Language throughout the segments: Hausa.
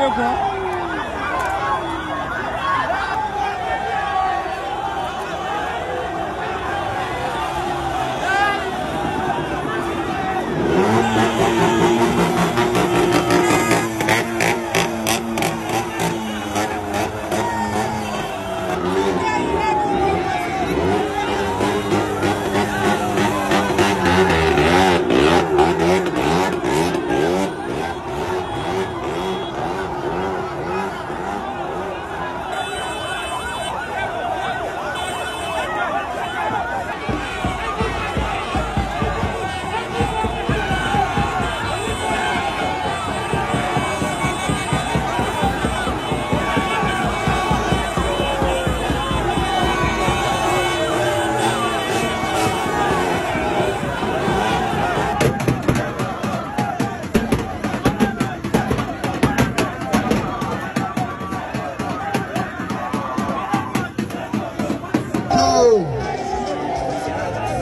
中国。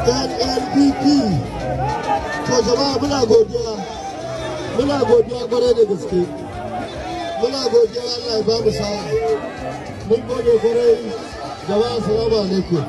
dan npp to jama'a muna godiya muna godiya kwarai da gaske muna godiya allah ya ba mu sa'a mun gode kwarai jama'a salamu alaikum